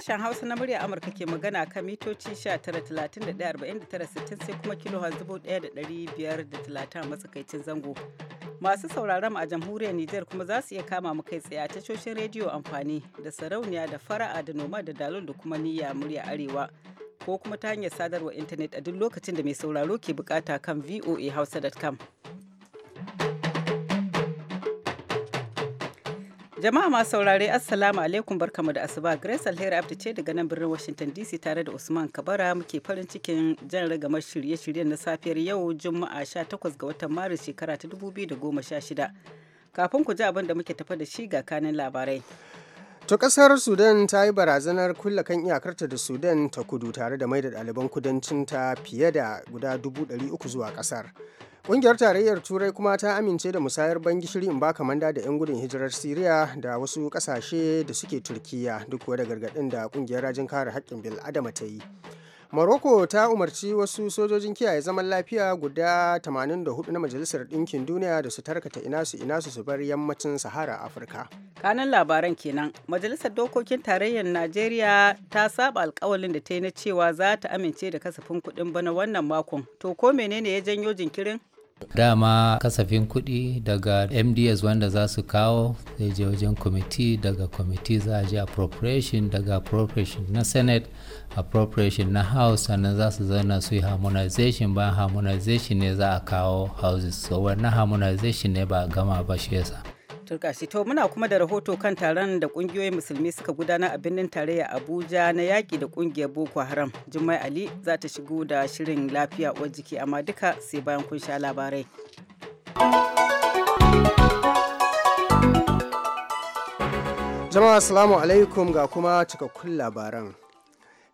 Sashen Hausa na murya Amurka ke magana kan mitoci 19,31,49,60 sai kuma kilo 1,530 a matsakaicin zango. Masu sauraron a jamhuriyar Nijar kuma za su iya kama mu kai tsaye a tashoshin rediyo amfani da sarauniya da fara'a da noma da dalol da kuma niyya murya arewa ko kuma ta hanyar sadarwa intanet a duk lokacin da mai sauraro ke bukata kan voa hausa.com. Jama'a masu saurare Assalamu alaikum barkamu da asuba Grace Alheri Abdi ce daga nan birnin Washington DC tare da Usman Kabara muke farin cikin jan ragamar shirye-shiryen na safiyar yau Juma'a 18 ga watan Maris shekara ta 2016. Kafin ku ji abin da muke tafa da shi ga kanin labarai. To kasar Sudan ta yi barazanar kulle kan iyakarta da Sudan ta kudu tare da mai da ɗaliban kudancinta fiye da guda uku zuwa kasar. Ƙungiyar Tarayyar Turai kuma ta amince da musayar ban gishiri in ba manda da 'yan gudun hijirar Siriya da wasu kasashe da suke Turkiya duk da gargaɗin da ƙungiyar rajin kare haƙƙin bil'adama ta yi. Morocco ta umarci wasu sojojin kiyaye zaman lafiya guda 84 na Majalisar Ɗinkin Duniya da su tarkata ina su su bar yammacin Sahara Afirka. Kanan labaran kenan. Majalisar Dokokin Tarayyar Najeriya ta saba alkawalin da ta yi na cewa za ta amince da kasafin kuɗin bana wannan makon. To ko menene ya janyo jinkirin? dama kasafin kuɗi daga mds wanda za su kawo zai je wajen kwamiti daga kwamiti za a je appropriation daga appropriation na senate appropriation na house sannan za su zauna su yi harmonization bayan harmonization ne za a kawo houses so wannan harmonization ne ba gama ba shi yasa turkashi to muna kuma da rahoto kan taron da kungiyoyin musulmi suka gudana a birnin tarayya abuja na yaki da kungiyar boko haram jummai ali za ta shigo da shirin lafiya uwar jiki amma duka sai bayan kun sha labarai jama'a assalamu alaikum ga kuma cikakkun labaran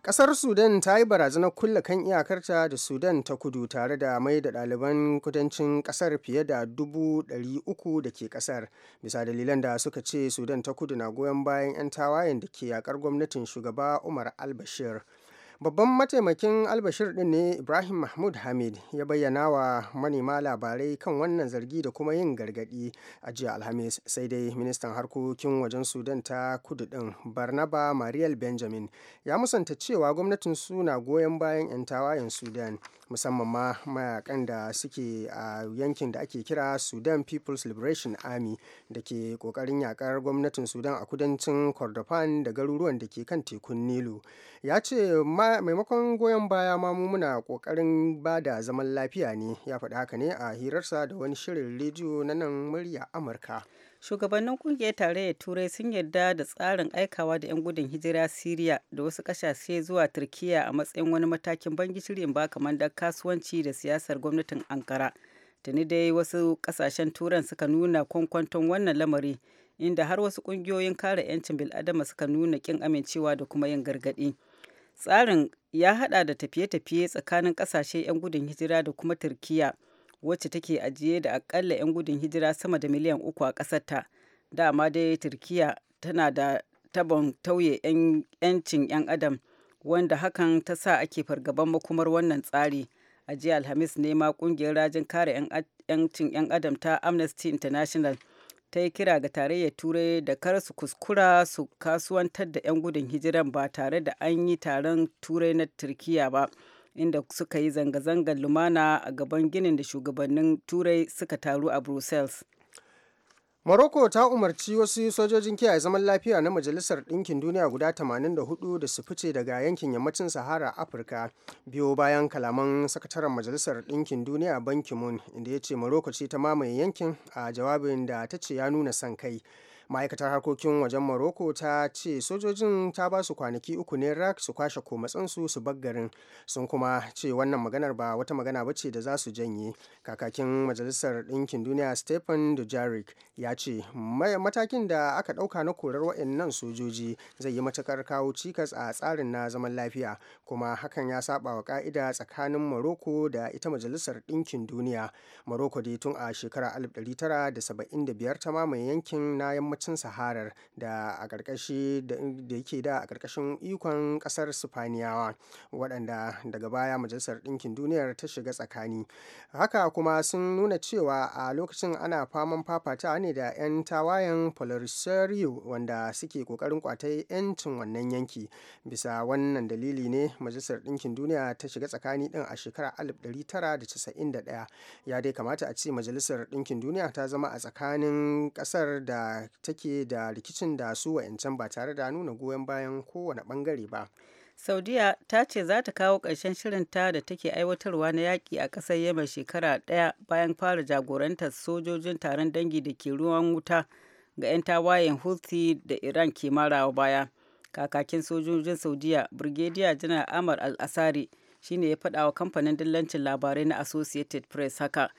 Kasar Sudan ta yi barazanar kulle kan iyakarta da Sudan ta kudu tare da mai da ɗaliban kudancin kasar fiye da dubu ɗari uku da ke kasar. Bisa dalilan da suka ce Sudan ta kudu na goyon bayan 'yan tawayen da ke yakar gwamnatin shugaba Umar al-Bashir. babban mataimakin albashir din ne ibrahim mahmud hamid ya bayyana wa manema labarai kan wannan zargi da kuma yin gargadi a jiya alhamis sai dai ministan harkokin wajen sudan ta kudu din barnaba mariel benjamin ya musanta cewa gwamnatin su na goyon bayan 'yan tawayen sudan musamman ma mayakan da suke a yankin da ake kira sudan people's liberation army da ke kokarin yakar gwamnatin sudan a kudancin kordofan da garuruwan da ke kan tekun nilu ya ce maimakon goyon baya ma mu muna kokarin ba da zaman lafiya ne ya faɗi haka ne a hirarsa da wani shirin rediyo na nan murya amurka shugabannin kungiyar tarayyar turai sun yarda da tsarin aikawa da 'yan gudun hijira siriya da wasu kasashe zuwa turkiya a matsayin wani matakin bangi shirin ba kamandar kasuwanci da siyasar gwamnatin ankara tuni dai wasu kasashen turan suka nuna kwankwanton wannan lamari inda har wasu kungiyoyin kare 'yancin bil'adama suka nuna kin amincewa da kuma yin gargadi tsarin ya hada da tafiye-tafiye tsakanin kasashe 'yan gudun hijira da kuma turkiya wacce take ajiye da akalla 'yan gudun hijira sama da miliyan uku a ƙasarta dama dai turkiya tana da tabon tauye 'yancin 'yan adam wanda hakan ta sa ake fargaban makumar wannan tsari a jiya alhamis ne ma kungiyar rajin kare 'yancin 'yan adam ta amnesty international ta yi kira ga tarayyar turai da kar su kuskura su kasuwantar da 'yan gudun hijiran ba tare da an yi taron turai na turkiya ba inda suka yi zanga-zangar lumana a gaban ginin da shugabannin turai suka taru a brussels Morocco ta umarci wasu sojojin kiyaye zaman lafiya na Majalisar Ɗinkin Duniya guda 84 da su fice daga yankin yammacin Sahara Afirka biyo bayan kalaman sakataren Majalisar Ɗinkin Duniya Ban Ki-moon inda ya ce Morocco ce ta mamaye yankin a jawabin da ta ce ya nuna son kai. ma'aikatar harkokin wajen morocco ta ce sojojin ta ba su kwanaki uku ne rak su kwashe tsinsu su baggarin sun kuma ce wannan maganar ba wata magana ba ce da za su janye kakakin majalisar ɗinkin duniya stephen dujarric ya ce matakin da aka ɗauka na korar waɗannan sojoji zai yi matukar kawo cikas a tsarin na zaman lafiya kuma hakan ya saba wa ka'ida tsakanin morocco da ita majalisar ɗinkin duniya morocco dai tun a shekara 1975 ta mamaye yankin na yamma yammacin saharar da a ƙarƙashi da yake da a ƙarƙashin ikon ƙasar sifaniyawa waɗanda daga baya majalisar ɗinkin duniyar ta shiga tsakani haka kuma sun nuna cewa a lokacin ana faman fafata ne da 'yan tawayen polisario wanda suke ƙoƙarin kwatai 'yancin wannan yanki bisa wannan dalili ne majalisar ɗinkin duniya ta shiga tsakani ɗin a shekarar 1991 ya dai kamata a ce majalisar ɗinkin duniya ta zama a tsakanin ƙasar da take da rikicin da su wa'yancan ba tare da nuna goyon bayan kowane bangare ba saudiya ta ce za ta kawo ƙarshen shirinta da take aiwatarwa na yaƙi a ƙasar yemen shekara ɗaya bayan fara jagorantar sojojin taron dangi da ke ruwan wuta ga 'yan tawayen houthi da iran ke marawa baya kakakin sojojin saudiya brigadier janar amar al-asari shine ya faɗa wa kamfanin dillancin labarai na associated press haka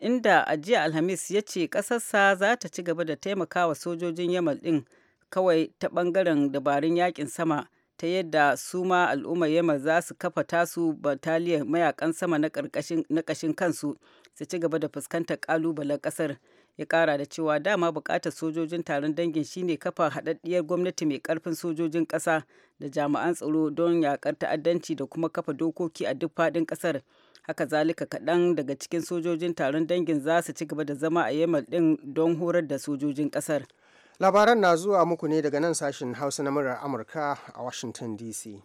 inda a jiya Alhamis ya ce kasarsa za ta ci gaba da taimakawa sojojin Yamal din kawai ta bangaren dabarun yakin sama ta yadda su ma al'ummar Yamal za su kafa tasu bataliyar mayakan sama na ƙashin kansu su ci gaba da fuskantar kalubalen kasar Ya kara da cewa dama bukatar sojojin taron dangin shine kafa haɗaɗɗiyar gwamnati mai ƙarfin sojojin ƙasa da jami'an tsaro don yaƙar ta'addanci da kuma kafa dokoki a duk faɗin ƙasar. haka zalika kaɗan daga cikin sojojin taron dangin za su ci gaba da zama a yamal ɗin don horar da sojojin ƙasar labaran na zuwa muku ne daga nan sashen hausa na murar amurka a washington dc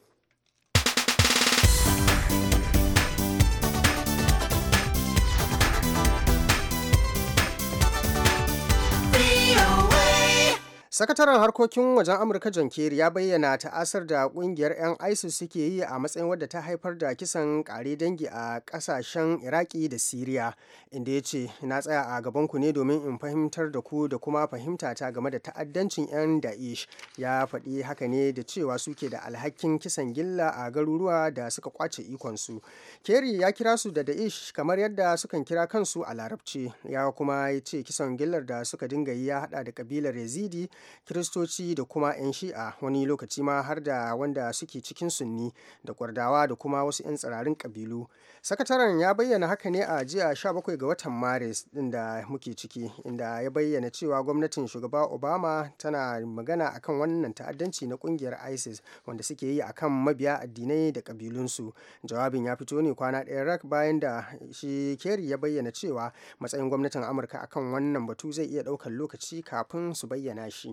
sakataren harkokin wajen amurka john kerry ya bayyana ta'asar da kungiyar 'yan isis suke yi a matsayin wadda ta haifar da kisan kare dangi a kasashen iraki da syria inda ya ce na tsaya a gaban ku ne domin in fahimtar da ku da kuma fahimta ta game da ta'addancin 'yan da'ish ya faɗi haka ne da cewa suke da alhakin kisan gilla a garuruwa da suka kwace ikon su kerry ya kira su da da'ish kamar yadda sukan kira kansu a larabci ya kuma ya ce kisan gillar da suka dinga yi ya haɗa da kabilar yazidi kiristoci da kuma 'yan shi'a wani lokaci ma har da wanda suke cikin sunni da kwardawa da kuma wasu 'yan tsirarin kabilu sakataren ya bayyana haka ne a jiya 17 ga watan maris din da muke ciki inda ya bayyana cewa gwamnatin shugaba obama tana magana akan wannan ta'addanci na kungiyar isis wanda suke yi akan mabiya addinai da kabilunsu jawabin ya fito ne kwana ɗaya rak bayan da shi kerry ya bayyana cewa matsayin gwamnatin amurka akan wannan batu zai iya ɗaukar lokaci kafin su bayyana shi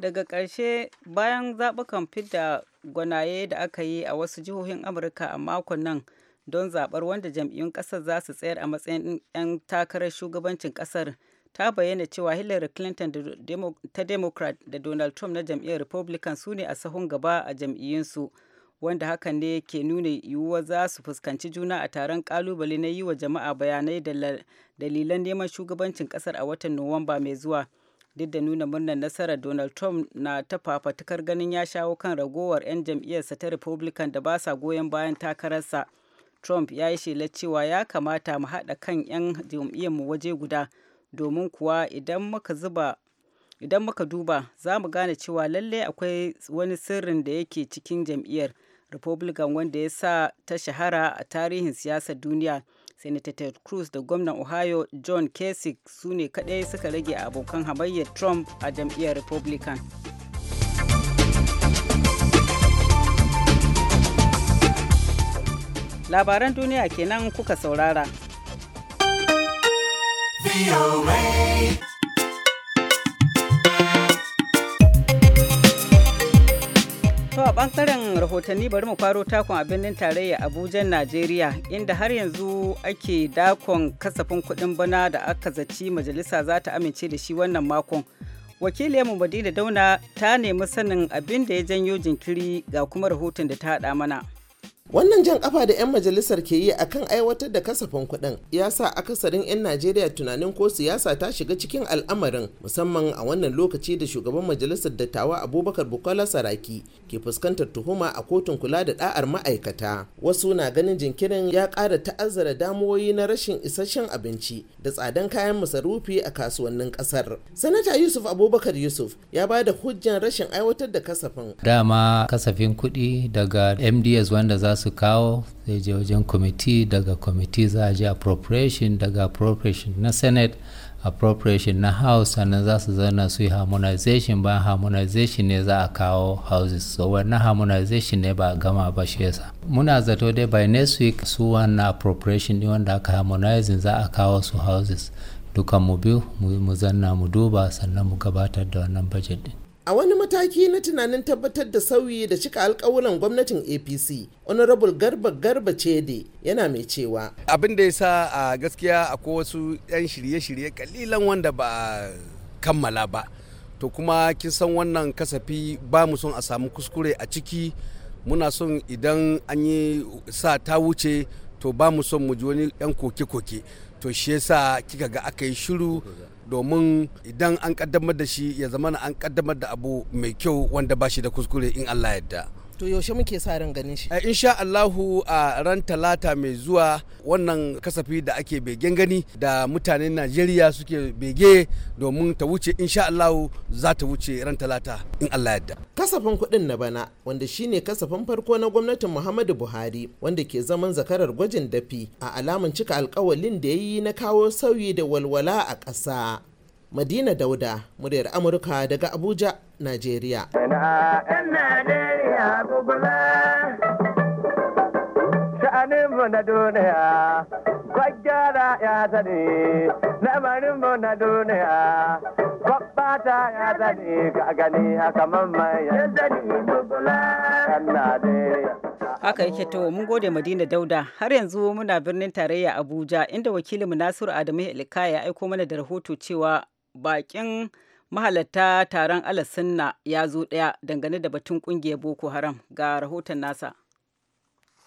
daga ƙarshe bayan zaɓukan fidda gwanaye da aka yi a wasu jihohin amurka a makon nan don zaɓar wanda jam'iyyun ƙasar za su tsayar a matsayin 'yan takarar shugabancin ƙasar ta bayyana cewa hillary clinton ta democrat da donald trump na jam'iyyar republican su ne a sahun gaba a jam'iyyunsu wanda hakan ne ke nuna yiwuwa za su fuskanci juna a taron kalubale na yi wa jama'a bayanai da dalilan neman shugabancin ƙasar a watan nuwamba mai zuwa duk da nuna murnar nasarar donald trump na ta fafatukar ganin ya shawo kan ragowar 'yan jam'iyyarsa ta republican da ba sa goyon bayan takararsa trump ya yi shela cewa ya kamata mu haɗa kan 'yan jam'iyyarmu waje guda domin kuwa idan muka zuba idan muka duba za mu gane cewa lallai akwai wani sirrin da yake cikin jam'iyyar republican wanda ya sa ta shahara a tarihin siyasar duniya Senator Ted Cruz da gwamnan Ohio John Kasich su ne kaɗai suka rage abokan hamayyar Trump a jam'iyyar Republican. Labaran duniya kenan kuka saurara. a bangaren rahotanni bari mu faro takon a birnin tarayya abuja najeriya inda har yanzu ake dakon kasafin kudin bana da aka zaci majalisa za ta amince da shi wannan makon wakiliyarmu madina dauna ta nemi sanin abin da ya janyo jinkiri ga kuma rahoton da ta haɗa mana wannan jan kafa da 'yan majalisar ke yi akan aiwatar da kasafin kuɗin ya sa akasarin 'yan najeriya tunanin ko siyasa ta shiga cikin al'amarin musamman a wannan lokaci da shugaban majalisar dattawa abubakar bukola saraki ke fuskantar tuhuma a kotun kula da da'ar ma'aikata wasu na ganin jinkirin ya ƙara ta'azzara damuwoyi na rashin isasshen abinci da tsadan kayan masarufi a kasuwannin ƙasar sanata yusuf abubakar yusuf ya ba da hujjan rashin aiwatar da kasafin dama kasafin kuɗi daga mds wanda za su kawo zai je wajen kwamiti daga kwamiti za a je appropriation daga appropriation na senate appropriation na house sannan za su zana su yi harmonization ba harmonization ne za a kawo houses so na harmonization ne ba gama ba shi yasa muna zato dai by next week su wannan appropriation ne wanda aka harmonizing za a kawo su houses dukan mu biyu mu zanna mu duba sannan mu gabatar da wannan budget din A wani mataki na tunanin tabbatar da sauyi da cika alkawuran gwamnatin APC, Honorable Garba Garba Cede yana mai cewa. Abin da ya sa a gaskiya akwai wasu 'yan shirye-shirye kalilan wanda ba a kammala ba. To kuma kin san wannan kasafi ba mu son a samu kuskure a ciki muna son idan an yi sa ta wuce to ba mu son mu ji wani yan koke-koke to shi yasa kika ga aka yi shiru domin idan an kaddamar da shi ya zama an kaddamar da abu mai kyau wanda ba shi da kuskure in Allah yadda. to yaushe muke sa ran ganin shi eh, insha Allahu a ran talata mai zuwa wannan kasafi da ake begen gani da mutanen Najeriya suke bege domin ta wuce insha Allahu za ta wuce ran talata in Allah yadda kasafin kuɗin na bana wanda shine kasafin farko na gwamnatin Muhammadu Buhari wanda ke zaman zakarar gwajin dafi a alamun cika alkawalin da ya yi na kawo sauyi da walwala a ƙasa Madina Dauda, muryar Amurka daga Abuja, Najeriya. Haka yake to mun gode Madina Dauda har yanzu muna birnin tarayya Abuja inda wakilin Nasiru Adamu Ilkaya ya aiko mana da rahoto cewa bakin mahalatta taron alasunna ya zo ɗaya dangane da batun ƙungiyar boko haram ga rahoton nasa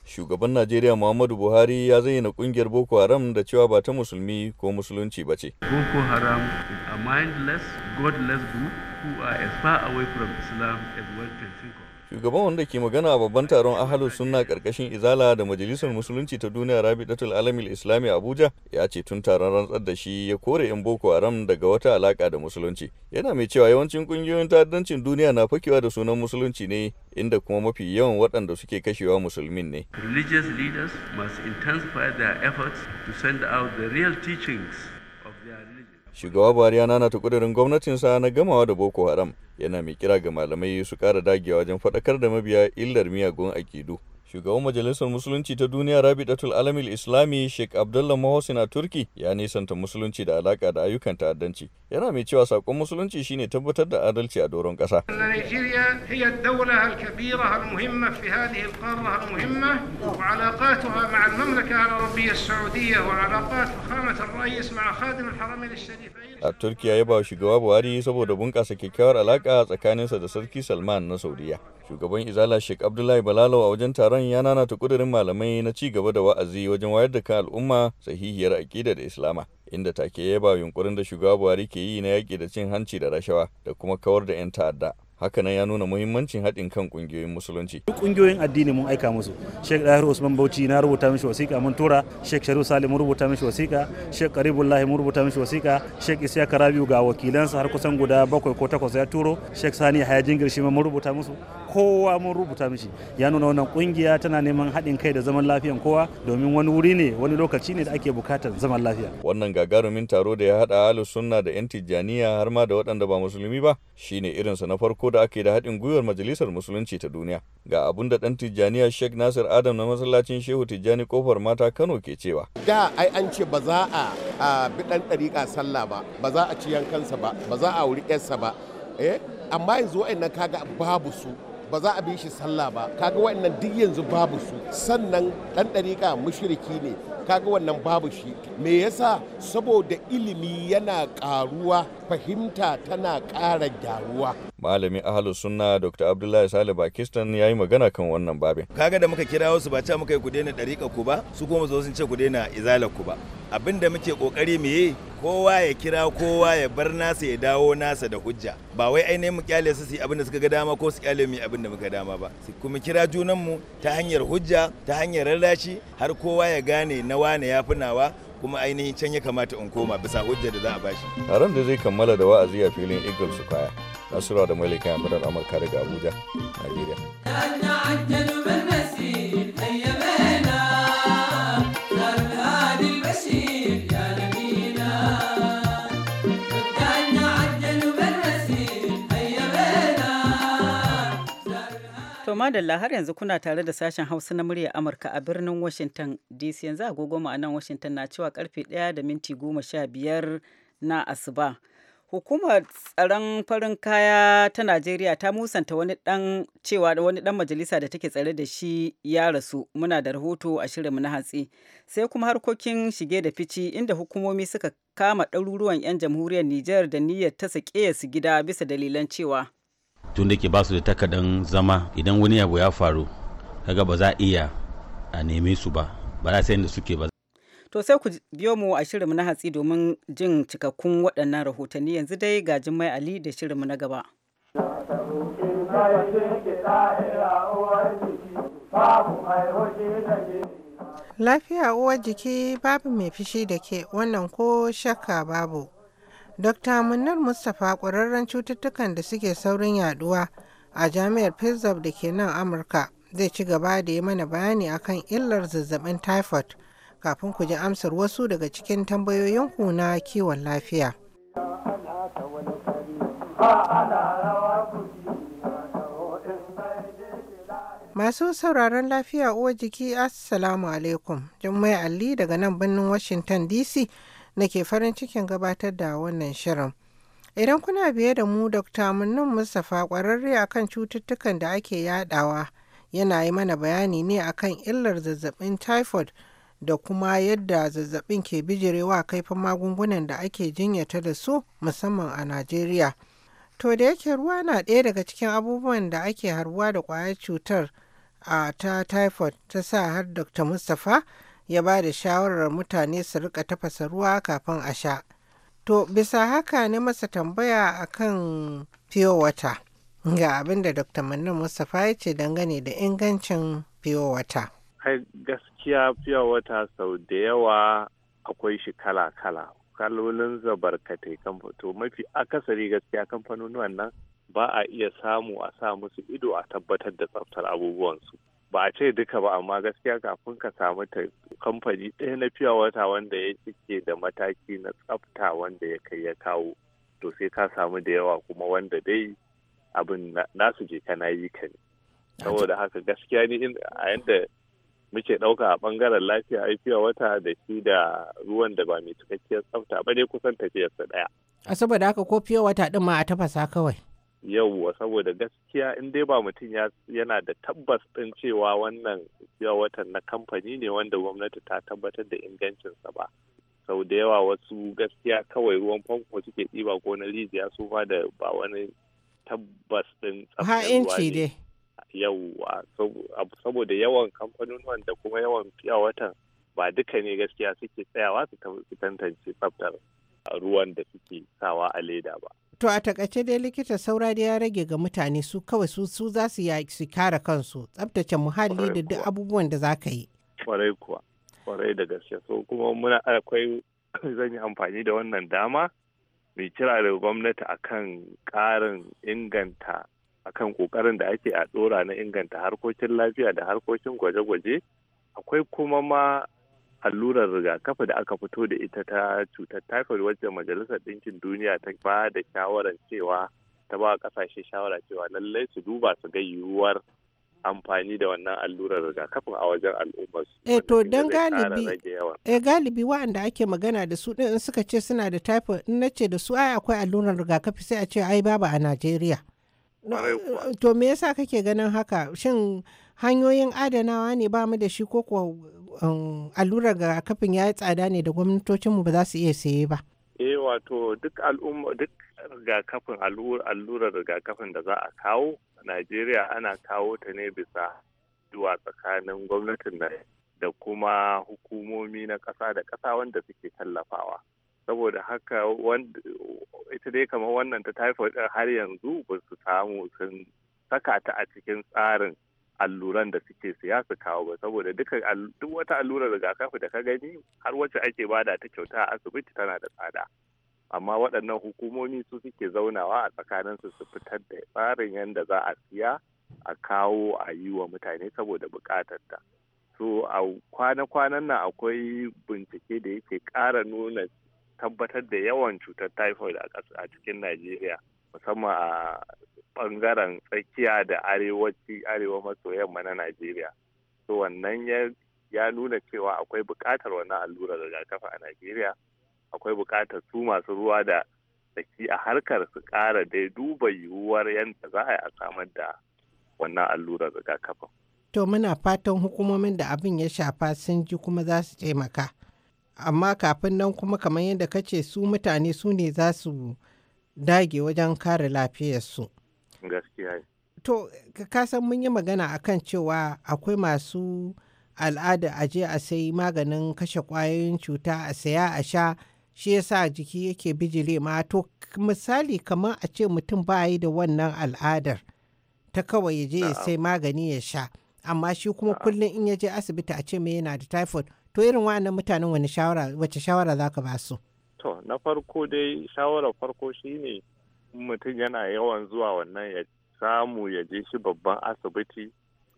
shugaban najeriya muhammadu buhari ya zayyana ƙungiyar boko haram da cewa ba ta musulmi ko musulunci ba ce boko haram is a mindless godless group who are as far away from islam as well can think of shugaban wanda ke magana a babban taron ahalus sunna karkashin izala da majalisar musulunci ta duniya Rabi' datul alamil islami abuja ya ce tun taron rantsar da shi ya kore yan boko haram daga wata alaka da musulunci yana mai cewa yawancin kungiyoyin ta'addancin duniya na fakewa da sunan musulunci ne inda kuma mafi yawan waɗanda suke kashewa musulmin ne religious leaders must intensify their efforts to send out the real teachings of their religion Shugaba Buhari ya ta kudirin sa na gamawa da Boko Haram yana mai kira ga malamai su kara dagewa wajen faɗakar da mabiya illar miyagun akidu Shugaban Majalisar Musulunci ta Duniya Rabi'atul Alamil Islami Sheikh Abdullah Mahosin a Turki ya nisanta musulunci da alaka da ayyukan ta'addanci. Yana mai cewa sakon musulunci shine tabbatar da adalci a doron ƙasa. Nigeria هي الدولة الكبيرة المهمة A Turkiya ya ba shugaba Buhari saboda bunƙasa kyakkyawar alaka tsakaninsa da Sarki Salman na Saudiya. Shugaban Izala Sheikh Abdullahi Balalo a wajen taron Usman ya nanata kudirin malamai na ci gaba da wa'azi wajen wayar da kan al'umma sahihiyar aƙida da Islama. inda take yaba yunkurin da shugaba Buhari ke yi na yaƙi da cin hanci da rashawa da kuma kawar da 'yan ta'adda. hakanan ya nuna muhimmancin haɗin kan ƙungiyoyin musulunci duk ƙungiyoyin addini mun aika musu sheikh dahir usman bauchi na rubuta mishi wasiƙa mun tura sheikh sharu salim mun rubuta mishi wasiƙa sheikh karibullahi mun rubuta mishi wasiƙa sheikh isiya karabiu ga wakilansa har kusan guda bakwai ko takwas ya turo sheikh sani hayajin girshi mun rubuta musu kowa mun rubuta mishi ya nuna wannan ƙungiya tana neman haɗin kai da zaman lafiyan kowa domin wani wuri ne wani lokaci ne da ake bukatar zaman lafiya wannan gagarumin taro da ya haɗa ahlus sunna da yan tijjaniya har ma da waɗanda ba musulmi ba shine irinsa na farko da aka yi da haɗin gwiwar Majalisar Musulunci ta Duniya. Ga abun da ɗan Tijjaniya Sheikh Nasir Adam na masallacin Shehu Tijjani Kofar Mata Kano ke cewa. Da ai an ce ba za a bi ɗan ɗariƙa sallah ba, ba za a ci yankansa ba, ba za a wuri ƴarsa ba. Eh? Amma yanzu wa'annan kaga babu su. ba za a bi shi sallah ba kaga wa'annan duk yanzu babu su sannan ɗan ɗariƙa mushriki ne kaga wannan babu shi me yasa saboda ilimi yana karuwa fahimta tana kara gyaruwa malami ahalu sunna dr abdullahi sale pakistan ya yi magana kan wannan babin kaga da muka kira wasu ba ca muka yi ku daina dariƙa ku ba su kuma zo sun ce ku daina izalar ku ba abin da muke kokari mu yi kowa ya kira kowa ya bar nasa ya dawo nasa da hujja ba wai ainihin mu kyale su su abin da suka ga dama ko su kyale mu abin da muka dama ba kuma kira junanmu ta hanyar hujja ta hanyar rarrashi har kowa ya gane na wane ya fi nawa kuma ainihin can ya kamata in koma bisa hujjar da za a bashi. Taron da zai kammala da wa'azi a filin eagles su kaya. Nasura da Malika Amurka daga Abuja, Najeriya. To madalla har yanzu kuna tare da sashen Hausa na murya Amurka a birnin Washington DC yanzu agogo nan Washington na cewa karfe 1 da minti 15 na asuba. Hukumar tsaron farin kaya ta Najeriya ta musanta wani dan cewa wani dan majalisa da take tsare da shi ya rasu muna da rahoto a shirinmu na hatsi. Sai kuma harkokin shige da fici inda hukumomi suka kama ɗaruruwan 'yan jamhuriyar Nijar da niyyar ta sake su gida bisa dalilan cewa tun da ke ba su da takardan zama idan wani abu ya faru kaga ba za a iya a neme su ba ba za sai da suke ba to sai ku biyo mu a shirinmu na hatsi domin jin cikakkun waɗannan rahotanni yanzu dai ga Jummai Ali da shirinmu na gaba Lafiya uwar jiki babu mai fishi da ke wannan ko shakka babu. Dr. Munnar Mustapha ƙwararren cututtukan da suke saurin yaduwa a jami'ar Pittsburgh da ke nan Amurka zai ci gaba da yi mana bayani akan illar zazzabin typhoid kafin ku ji amsar wasu daga cikin tambayoyinku na kiwon lafiya. Masu sauraron lafiya uwa jiki Assalamu alaikum. Jummai Ali daga nan birnin Washington DC Na ke farin cikin gabatar da wannan shirin. Idan kuna biye da mu Dr. Munnan Mustapha kwararre akan cututtukan da ake yadawa yana yi mana bayani ne akan illar zazzabin typhoid da kuma yadda zazzabin ke bijirewa kaifin magungunan da ake jinyata da su musamman a Najeriya. To da yake ruwa na ɗaya daga cikin abubuwan da ake harbuwa da ƙwayar cutar a ta typhoid ta sa har Dr. Mustapha ya ba da shawarar mutane su rika tafasa ruwa kafin a sha. To bisa haka ne masa tambaya kan kan wata ga abin da Dr. Mannan Mustapha ya ce dangane da ingancin pure wata. Kai gaskiya pure wata sau da yawa akwai shi kala-kala. Kalolin zabarkatai kan to mafi akasari gaskiya kamfanonuwan nan ba a iya samu a sa musu ido a tabbatar da tsaftar abubuwansu. ba a ce duka ba amma gaskiya kafin ka samu ta kamfani ɗaya na fiya wata wanda ya cike da mataki na tsafta wanda ya kai ya kawo to sai ka samu da yawa kuma wanda dai abin nasu je kana yi ka ne saboda haka gaskiya ne a yadda muke ɗauka a bangaren lafiya fiya wata da shi da ruwan da ba mai cikakkiyar tsafta ba dai kusan tafiyarsa ɗaya. a saboda haka ko fiya wata din ma a tafasa kawai. yauwa saboda gaskiya in dai ba mutum yana da tabbas ɗin cewa wannan watan na kamfani ne wanda gwamnati ta tabbatar da ingancinsa ba sau da yawa wasu gaskiya kawai ruwan famfo suke ɗiba ko na rijiya su ba da ba wani tabbas ɗin dai yauwa saboda yawan kamfanin da kuma yawan fiya watan ba duka ne gaskiya suke tsayawa su tantance tsaftar ruwan da suke sawa a leda ba To a takaice dai likita saura da ya rage ga mutane su kawai su su za su ya kare kansu tsabtace muhalli da duk abubuwan da za ka yi. Kwarai kuwa, kwarai da gaske. So kuma muna akwai zan yi amfani da wannan dama mai kira da gwamnati akan ƙarin inganta akan ƙoƙarin da ake a ɗora na inganta harkokin lafiya da harkokin gwaje-gwaje akwai kuma ma allurar rigakafi da aka fito da ita ta cutar typhoid wacce majalisar ɗinkin duniya ta ba da shawarar cewa ta ba kasashe shawara cewa lallai su duba su ga yiwuwar amfani da wannan allurar rigakafin a wajen al'ummar su. E eh, to don galibi e galibi wa'anda ake magana da su din suka ce suna da typhoid in nace da su ai akwai allurar rigakafi sai a ce ai babu a Najeriya. To me yasa kake ganin haka? Shin hanyoyin adanawa ne ba mu da shi ko Um, allurar ga kafin ya yi tsada ne da gwamnatocinmu ba za su iya saye ba. e wato duk al'umma duk rigakafin allurar rigakafin da za a kawo Najeriya ana kawo ta ne bisa zuwa tsakanin gwamnatin da kuma hukumomi na ƙasa da kasa wanda suke tallafawa. Saboda haka ita dai kamar wannan ta taifa har yanzu ba su samu sun saka ta a cikin tsarin alluran da suke siya su kawo ba saboda duk wata allurar rigakafi da ka gani har wacce ake bada ta kyauta a asibiti tana da tsada amma waɗannan hukumomi su suke zaunawa a tsakaninsu su fitar da tsarin yadda za a siya a kawo a yi wa mutane saboda buƙatar ta so a kwana-kwanan nan akwai bincike da yake ƙara nuna tabbatar da yawan cutar typhoid a cikin najeriya musamman a bangaren tsakiya da arewaci arewa maso yamma na najeriya to wannan ya nuna cewa akwai bukatar wannan allurar rigakafi a najeriya akwai bukatar su masu ruwa da tsaki a harkar su kara dai duba yiwuwar yadda za a yi a samar da wannan allurar rigakafin to muna fatan hukumomin da abin ya shafa sun ji kuma za su taimaka amma kafin nan kuma kamar yadda ka ce su mutane su ne za su dage wajen kare lafiyarsu. gaskiya to ka san mun yi magana akan cewa akwai masu al'ada a je a sai maganin kashe kwayoyin cuta a saya a sha shi yasa jiki yake bijire ma to misali kamar a ce mutum ba yi da wannan al'adar ta kawai ya je ya sai magani ya sha amma shi kuma kullum in ya je asibiti a ce mai yana da typhoid to irin wa'annan mutanen wani shawara wace shawara za ka ba su to na farko dai shawara farko shi ne. mutum yana yawan zuwa wannan ya samu ya je shi babban asibiti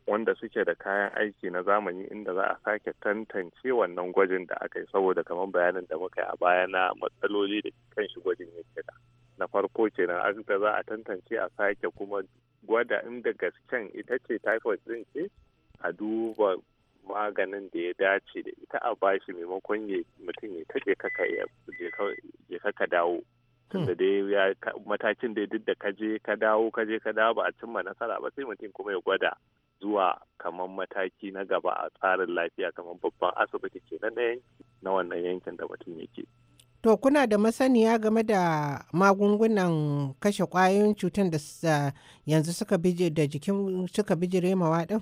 wanda suke da kayan aiki na zamani inda za a sake tantance wannan gwajin da aka yi saboda kamar bayanin da muka yi a baya na matsaloli da kan shi gwajin yake da na farko kenan da za a tantance a sake kuma gwada inda gasken ita ce typhoid din ce a duba maganin da ya dace da ita a bashi maimakon mutum ya ta je kaka dawo tunda hmm. dai matakin da duk da ka je ka dawo ka je ka dawo ba a cimma nasara ba sai mutum kuma ya gwada zuwa kamar mataki na gaba a tsarin lafiya kamar babban asibiti ke na na wannan yankin da mutum yake. To kuna da masaniya game da magungunan kashe kwayoyin cutar da yanzu suka bije da jikin suka bijire mawa ɗin?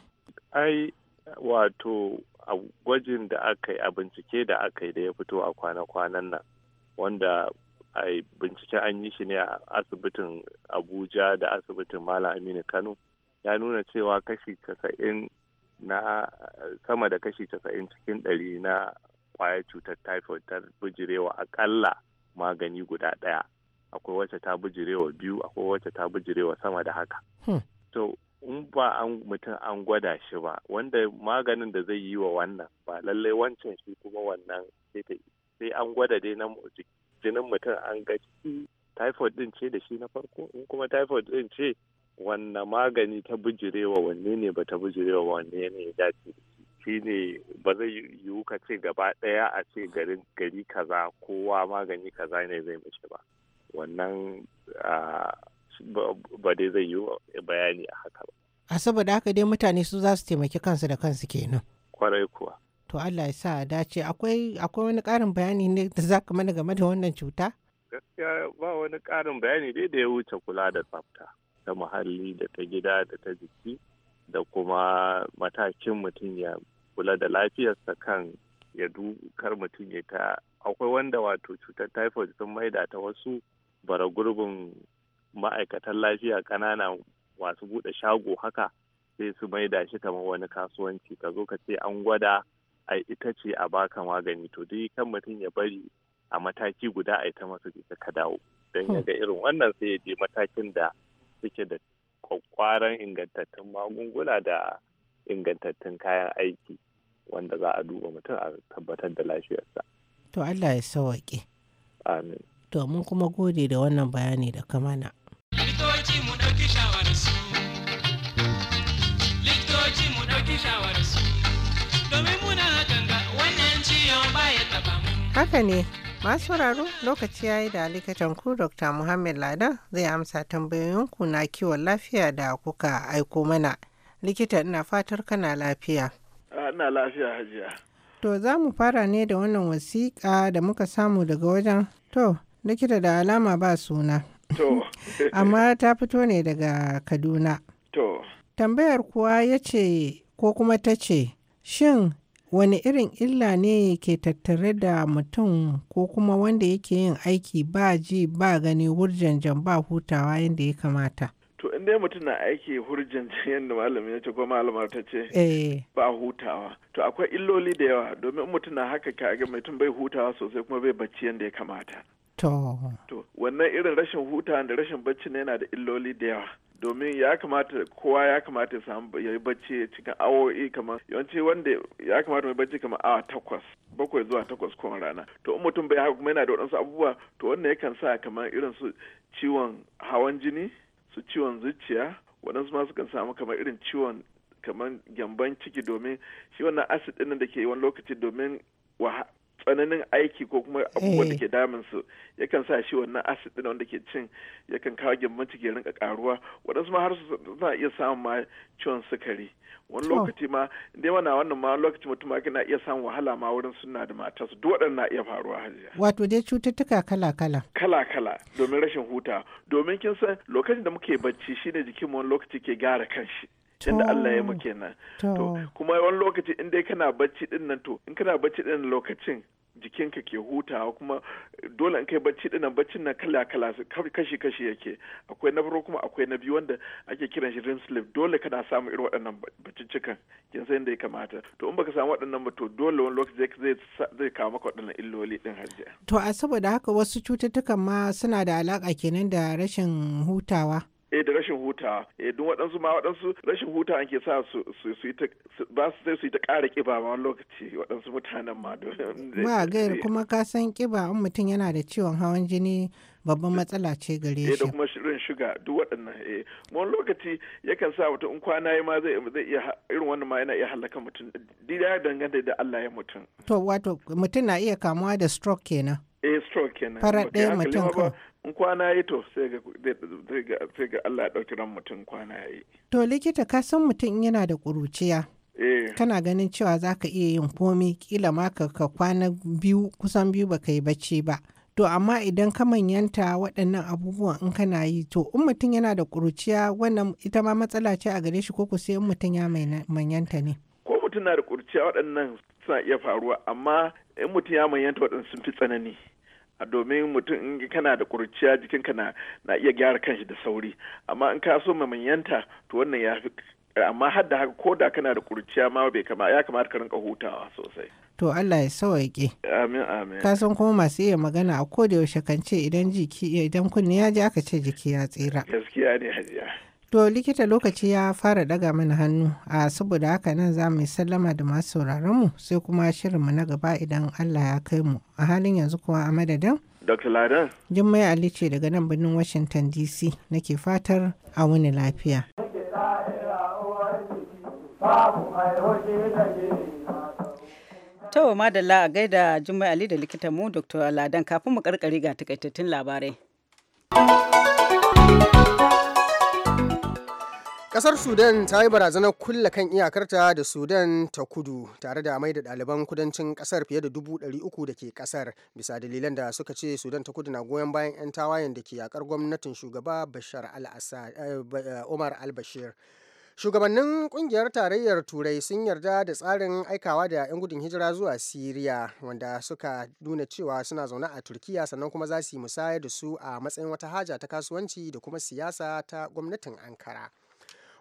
Ai wato a gwajin da aka yi a bincike da aka yi da ya fito a kwana-kwanan nan wanda a binciken an yi shi ne a asibitin abuja da asibitin malam aminu kano ya nuna cewa kashi casa'in na sama da kashi casa'in cikin ɗari na kwayar cutar typhoid ta bijirewa akalla magani guda ɗaya akwai wacce ta bijirewa biyu akwai wacce ta bijirewa sama da haka hmm. to in ba an mutum an gwada shi ba wanda maganin da zai yi wa wannan ba lallai wancan shi kuma wannan sai an gwada dai na jinin mutum an ga typhoid din ce da shi na farko in kuma typhoid din ce wanne magani ta bijirewa wanne ne ba ta bujirewa wanne ne ya dace shi ne ba zai yiwu ka ce gaba daya a ce garin gari kaza kowa magani kaza ne zai mace ba wannan ba dai zai yiwu bayani a haka ba a saboda haka dai mutane su za su taimaki kansu da kansu kenan kwarai kuwa to Allah ya sa a dace akwai akwai wani karin bayani ne da za ka mana game da wannan cuta gaskiya ba wani karin bayani dai da ya wuce kula da tsafta ta muhalli da ta gida da ta jiki da kuma matakin mutum ya kula da lafiyarsa kan ya dukar mutum ya ta akwai wanda wato cutar typhoid sun maida ta wasu bara gurbin ma'aikatan lafiya ƙanana masu buɗe shago haka sai su maida shi kamar wani kasuwanci ka zo ka ce an gwada a ita ce a baka magani to dai kan mutum ya bari a mataki guda a ita masa bisa ka dawo don ya hmm. ga irin wannan sai ya je matakin da suke da kwakwaran ingantattun magunguna da ingantattun kayan aiki wanda za a duba mutum a tabbatar da lafiyarsa. To Allah ya sawaƙe. Amin. To mun kuma gode da wannan bayani da kamana. Likitoci mu ɗauki shawararsu. haka ne masu sauraro lokaci ya yi da likitan ku dr muhammad ladan zai amsa tambayoyin ku na kiwon lafiya da kuka aiko mana likita ina fatar kana lafiya ina lafiya hajiya to za mu fara ne da wannan wasiƙa da muka samu daga wajen to likita da alama ba suna to amma ta fito ne daga kaduna to tambayar kuwa ya ce ko kuma ta ce Shin wani irin illa ne ke tattare da mutum ko kuma wanda yake yin aiki ba ji ba gani wurjanjan ba hutawa yadda ya kamata? To in dai mutum na aiki hurjan yadda malami ya ce ko malamar ta ce eh. ba hutawa. To akwai illoli da yawa domin mutum na haka kaga mutum bai hutawa sosai kuma bai bacci yadda ya kamata. To. To wannan irin rashin hutawa da rashin bacci ne yana da illoli da yawa. domin ya kamata kowa ya kamata ya yi bacci cikin awowi kamar yawanci wanda ya kamata mai bacci kamar awa takwas bakwai zuwa takwas kowane rana to in mutum bai haka kuma yana da waɗansu abubuwa to wannan yakan sa kamar irin su ciwon hawan jini su ciwon zuciya waɗansu ma kan samu kamar irin ciwon kamar gyamban ciki domin shi wannan acid ɗin da ke yi wani lokaci domin tsananin aiki ko kuma abubuwan da eh. ke damun su yakan sa shi wannan acid din wanda ke cin yakan kawo gimman ciki rinka karuwa waɗansu ma har su na iya samun ma ciwon sukari wani lokaci ma da yawa na wannan ma lokaci mutum ma na iya samun wahala ma wurin suna da mata su duk na iya faruwa hajiya wato dai cututtuka kala kala kala kala domin rashin huta domin kin san lokacin da muke bacci shine jikin mu wani lokaci ke gyara kanshi cin da Allah ya mu oh. kenan to kuma wani lokaci in dai kana bacci din nan to in kana bacci din lokacin jikinka ke hutawa kuma dole in kai bacci nan baccin nan kala kala kashi kashi yake akwai na kuma akwai na biyu wanda ake kiran shi dream sleep dole kana samu irin waɗannan baccicikan kin san ya kamata to in baka samu waɗannan ba to dole wani lokaci zai zai kawo maka waɗannan illoli din jiya. to a saboda haka wasu cututtukan ma suna da alaka kenan da rashin hutawa eh da rashin huta eh duk waɗansu ma waɗansu rashin huta an ke sa su su su ta ba su sai su yi ta ƙara ƙiba ma lokaci waɗansu mutanen ma ba gair eh. kuma ka san ƙiba in mutum yana da ciwon hawan jini babban eh, matsala ce gare eh, shi. da kuma shirin shuga duk waɗannan eh wani lokaci yakan sa mutum in kwana yi ma zai iya irin wannan ma yana iya halaka mutum dida ya danganta da Allah ya mutum. To wato mutum na iya kamuwa da stroke kenan. eh stroke kenan farar ɗaya mutum ko in kwana yi to sai ga Allah ɗauki ran mutum kwana yi. To likita ka san mutum yana da ƙuruciya. Eh. Kana ganin cewa za ka iya yin komi kila ma ka kwana biyu kusan biyu ba ka yi bacci ba. To amma idan ka manyanta waɗannan abubuwan in kana yi to in mutum yana da ƙuruciya wannan ita ma matsala ce a gare shi ko sai in mutum ya manyanta ne. Ko mutum na da ƙuruciya waɗannan suna iya faruwa amma in mutum ya manyanta waɗannan sun fi tsanani. domin mutum in kana da kurciya jikinka na na iya gyara kanshi da sauri amma in ka so manyanta to wannan ya fi amma har da haka koda kana da kurciya ma bai kama ya kamata ka rinka hutawa sosai to Allah ya sauke amin amin ka san kuma masu iya magana a koda yaushe kan ce idan jiki idan kunni ya ji aka ce jiki ya tsira gaskiya ne hajiya To likita lokaci ya fara daga mana hannu a saboda haka nan za mu sallama da masu mu sai kuma shirinmu na gaba idan Allah ya kai mu. A halin yanzu kuwa a madadin? Dr. Ladan. Jummai Ali ce daga nan birnin Washington DC nake fatar a wani lafiya. To madalla a gaida Jummai Ali da likita mu Dr. Ladan kafin mu karkare ga takaitattun labarai. Kasar Sudan ta yi barazanar kulle kan iyakarta da Sudan ta kudu tare da mai da ɗaliban kudancin kasar fiye da dubu ɗari uku da ke kasar bisa dalilan da suka ce Sudan ta kudu na goyon bayan 'yan tawayen da ke yakar gwamnatin shugaba Bashar eh, Omar al-Bashir. shugabannin kungiyar tarayyar turai sun yarda da tsarin aikawa da 'yan gudun hijira zuwa siriya wanda suka nuna cewa suna zaune a turkiya sannan kuma za su yi musaya da su a matsayin wata haja ta kasuwanci da kuma siyasa ta gwamnatin ankara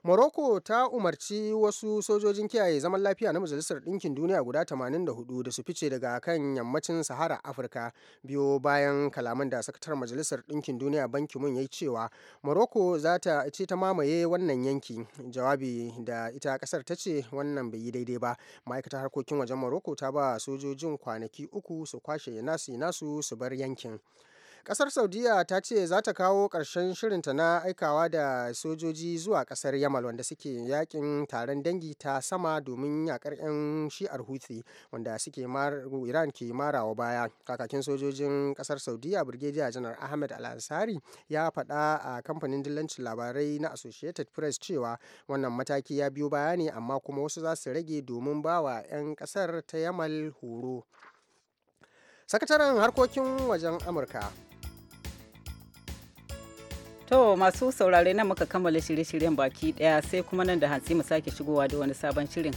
Morocco ta umarci wasu sojojin kiyaye zaman lafiya na Majalisar Ɗinkin Duniya guda 84 da su fice daga kan yammacin Sahara Afirka biyo bayan kalaman da sakatar Majalisar Ɗinkin Duniya banki mun moon ya cewa Morocco za ta ce ta mamaye wannan yanki. Jawabi da ita kasar ta ce wannan bai yi daidai ba. Ma'aikatar harkokin wajen Morocco ta ba sojojin kwanaki uku su kwashe nasu nasu su bar yankin. Ƙasar Saudiya ta ce za ta kawo ƙarshen shirinta na aikawa da sojoji zuwa ƙasar Yamal wanda suke yakin taron dangi ta sama domin yakar 'yan shi'ar Houthi wanda suke Iran ke marawa baya. Kakakin sojojin ƙasar Saudiya Brigadier Janar Ahmed Al-Ansari ya faɗa a kamfanin dillancin labarai na Associated Press cewa wannan mataki ya biyo baya ne amma kuma wasu za su rage domin bawa 'yan ƙasar ta Yamal horo. Sakataren harkokin wajen Amurka To masu saurare na muka kammala shirye-shiryen baki daya sai kuma nan da hantsi mu sake shigowa da wani sabon shirin.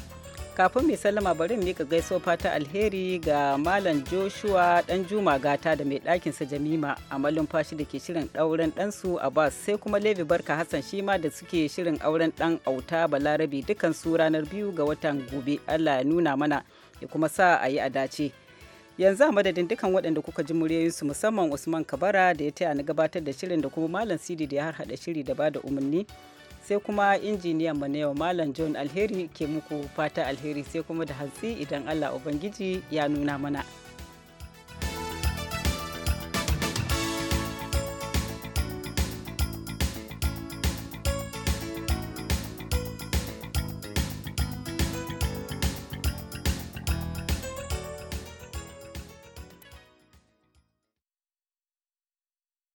Kafin mai sallama bari mika gaiso fata alheri ga Malam Joshua dan Juma gata da mai ɗakin sa Jamima a malin fashi da ke shirin ɗauren ɗansu Abbas sai kuma Levi Barka Hassan shi ma da suke shirin auren ɗan auta Balarabe dukansu ranar biyu ga watan gobe Allah ya nuna mana ya kuma sa a yi a dace. yanzu a madadin dukkan waɗanda kuka ji muryoyinsu musamman usman kabara da ya taya na gabatar da shirin da kuma malam sidi da ya harhaɗa shiri da ba da umarni sai kuma injiniyan mu na yau malam john alheri ke muku fata alheri sai kuma da hantsi idan allah ubangiji ya nuna mana.